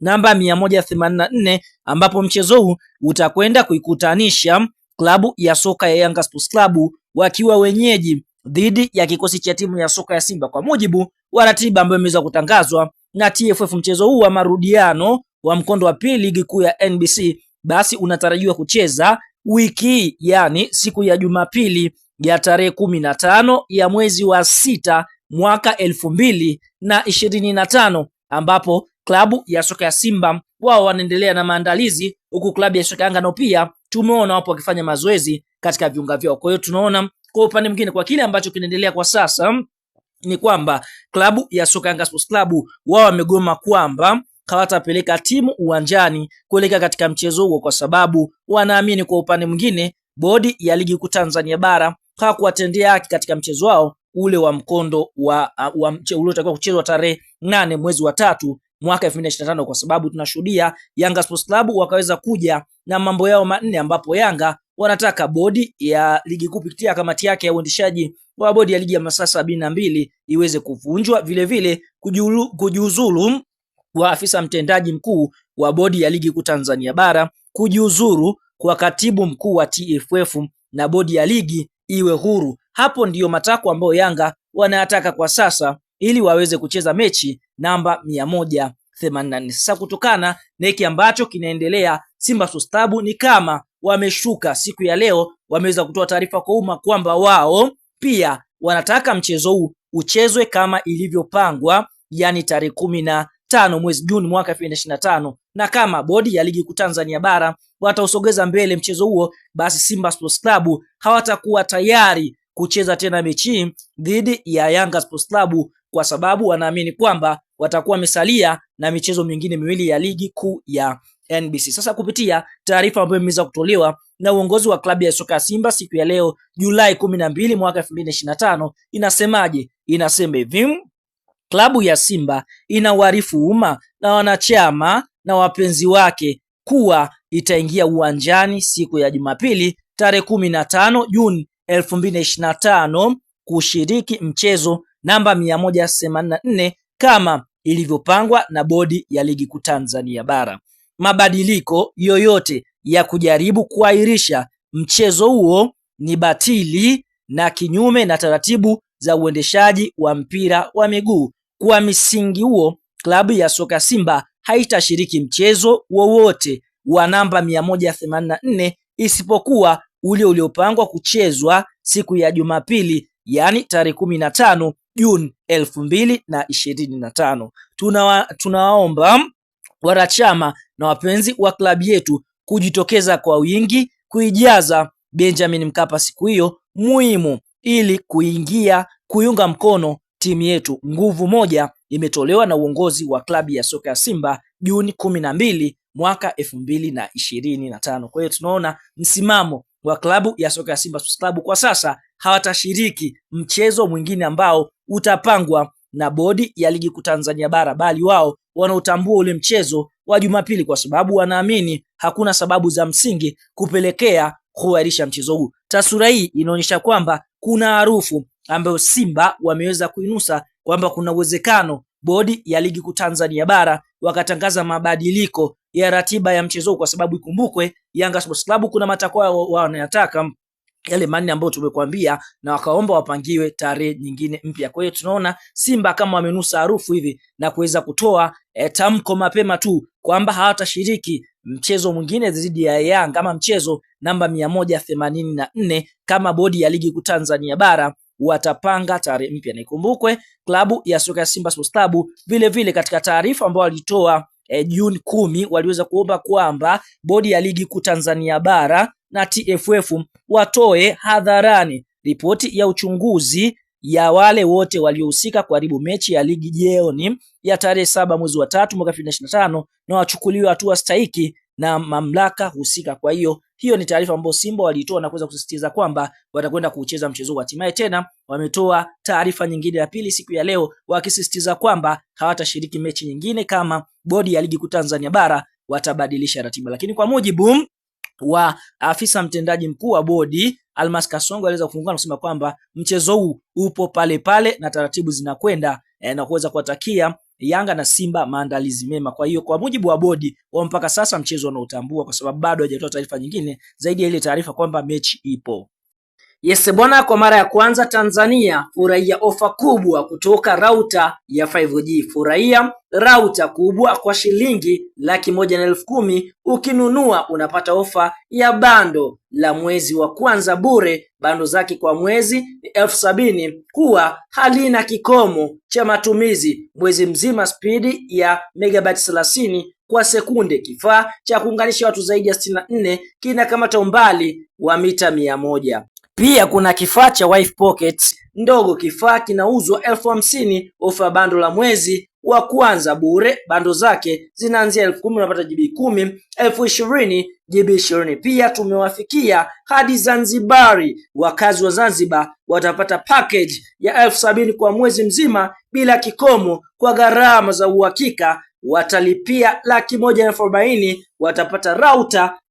namba 184 ambapo mchezo huu utakwenda kuikutanisha klabu ya soka ya Yanga Sports Club wakiwa wenyeji dhidi ya kikosi cha timu ya soka ya Simba kwa mujibu wa ratiba ambayo imeweza kutangazwa na TFF. Mchezo huu wa marudiano wa mkondo wa pili ligi kuu ya NBC basi unatarajiwa kucheza wiki yani siku ya Jumapili ya tarehe kumi na tano ya mwezi wa sita mwaka elfu mbili na ishirini na tano ambapo klabu ya soka ya Simba wao wanaendelea na maandalizi, huku klabu ya soka Yanga nao pia tumeona wapo wakifanya mazoezi katika viunga vyao. Kwa hiyo tunaona kwa upande mwingine, kwa kile ambacho kinaendelea kwa sasa ni kwamba klabu ya soka Yanga Sports Club wao wamegoma kwamba hawatapeleka timu uwanjani kuelekea katika mchezo huo, kwa sababu wanaamini kwa upande mwingine bodi ya ligi kuu Tanzania bara hakuwatendea haki katika mchezo wao ule wa mkondo wa, uh, wa, wa, uliotakiwa kuchezwa tarehe nane mwezi wa tatu mwaka 2025 kwa sababu tunashuhudia Yanga Sports Club wakaweza kuja na mambo yao manne ambapo Yanga wanataka bodi ya ligi kuu kupitia kamati yake ya uendeshaji wa bodi ya ligi ya masaa sabini na mbili iweze kuvunjwa, vilevile kujiuzulu kwa afisa mtendaji mkuu wa bodi ya ligi kuu Tanzania bara, kujiuzuru kwa katibu mkuu wa TFF na bodi ya ligi iwe huru. Hapo ndiyo matakwa ambayo Yanga wanayataka kwa sasa ili waweze kucheza mechi namba mia Sasa kutokana na hiki ambacho kinaendelea, Simba Sports Club ni kama wameshuka siku ya leo, wameweza kutoa taarifa kwa umma kwamba wao pia wanataka mchezo huu uchezwe kama ilivyopangwa, yani tarehe kumi na tano mwezi Juni mwaka 2025 na kama bodi ya ligi kuu Tanzania bara watausogeza mbele mchezo huo, basi Simba Sports Club hawatakuwa tayari kucheza tena mechi dhidi ya Yanga Sports Club kwa sababu wanaamini kwamba watakuwa wamesalia na michezo mingine miwili ya ligi kuu ya NBC. Sasa kupitia taarifa ambayo imeweza kutolewa na uongozi wa klabu ya soka ya Simba siku ya leo Julai kumi mwaka 2025 inasemaje? Inasema hivi, klabu ya Simba inawaarifu umma na wanachama na wapenzi wake kuwa itaingia uwanjani siku ya Jumapili tarehe 15 Juni 2025 kushiriki mchezo namba 184 kama ilivyopangwa na Bodi ya Ligi Kuu Tanzania Bara. Mabadiliko yoyote ya kujaribu kuahirisha mchezo huo ni batili na kinyume na taratibu za uendeshaji wa mpira wa miguu. Kwa misingi huo, klabu ya soka Simba haitashiriki mchezo wowote wa namba 184 isipokuwa ule uliopangwa kuchezwa siku ya Jumapili, yaani tarehe 15 Juni elfu mbili na ishirini na tano. Tunawa, tunawaomba wanachama na wapenzi wa klabu yetu kujitokeza kwa wingi kuijaza Benjamin Mkapa siku hiyo muhimu ili kuingia kuiunga mkono timu yetu. Nguvu moja imetolewa na uongozi wa klabu ya soka ya Simba Juni kumi na mbili mwaka elfu mbili na ishirini na tano. Kwa hiyo tunaona msimamo wa klabu ya soka ya Simba Sports Club kwa sasa hawatashiriki mchezo mwingine ambao utapangwa na bodi ya ligi kuu Tanzania bara, bali wao wanaotambua ule mchezo wa Jumapili kwa sababu wanaamini hakuna sababu za msingi kupelekea kuahirisha mchezo huu. Taswira hii inaonyesha kwamba kuna harufu ambayo Simba wameweza kuinusa kwamba kuna uwezekano bodi ya ligi kuu Tanzania bara wakatangaza mabadiliko ya ratiba ya mchezo kwa sababu ikumbukwe, Yanga Sports Club kuna matakwa wanayataka yale manne ambayo tumekwambia na wakaomba wapangiwe tarehe nyingine mpya. Kwa hiyo tunaona Simba kama wamenusa harufu hivi na kuweza kutoa e, tamko mapema tu kwamba hawatashiriki mchezo mwingine dhidi ya Yanga ama mchezo namba mia nne kama bodi ya ligi kuu Tanzania bara watapanga tarehe mpya. Na ikumbukwe klabu ya soka ya Simba Sports Club vile vile katika taarifa ambayo walitoa eh, Juni kumi waliweza kuomba kwamba bodi ya ligi kuu Tanzania bara na TFF watoe hadharani ripoti ya uchunguzi ya wale wote waliohusika kuharibu mechi ya ligi jioni ya tarehe saba mwezi wa tatu mwaka 2025 na wachukuliwe hatua stahiki na mamlaka husika. Kwa hiyo hiyo ni taarifa ambayo Simba walitoa na kuweza kusisitiza kwamba watakwenda kucheza mchezo huu. Hatimaye tena wametoa taarifa nyingine ya pili siku ya leo wakisisitiza kwamba hawatashiriki mechi nyingine kama bodi ya ligi kuu Tanzania bara watabadilisha ratiba, lakini kwa mujibu wa afisa mtendaji mkuu wa bodi Almas Kasongo aliweza kufungua na kusema kwamba mchezo huu upo pale pale na taratibu zinakwenda eh, na kuweza kuwatakia Yanga na Simba maandalizi mema. Kwa hiyo kwa mujibu wa bodi wao, mpaka sasa mchezo wanautambua, kwa sababu bado hajatoa taarifa nyingine zaidi ya ile taarifa kwamba mechi ipo. Yes bwana, kwa mara ya kwanza Tanzania furahia ofa kubwa kutoka Rauta ya 5G. Furahia Rauta kubwa kwa shilingi laki moja na elfu kumi ukinunua unapata ofa ya bando la mwezi wa kwanza bure. Bando zake kwa mwezi ni elfu sabini huwa halina kikomo cha matumizi, mwezi mzima, spidi ya megabyte 30 kwa sekunde. Kifaa cha kuunganisha watu zaidi ya sitini na nne kinakamata umbali wa mita mia moja. Pia kuna kifaa cha wife pocket ndogo. Kifaa kinauzwa elfu hamsini ofa ya bando la mwezi wa kwanza bure. Bando zake zinaanzia elfu kumi unapata GB kumi, elfu ishirini GB ishirini. Pia tumewafikia hadi Zanzibari, wakazi wa Zanzibar watapata package ya elfu sabini kwa mwezi mzima bila kikomo, kwa gharama za uhakika watalipia laki moja na elfu arobaini watapata router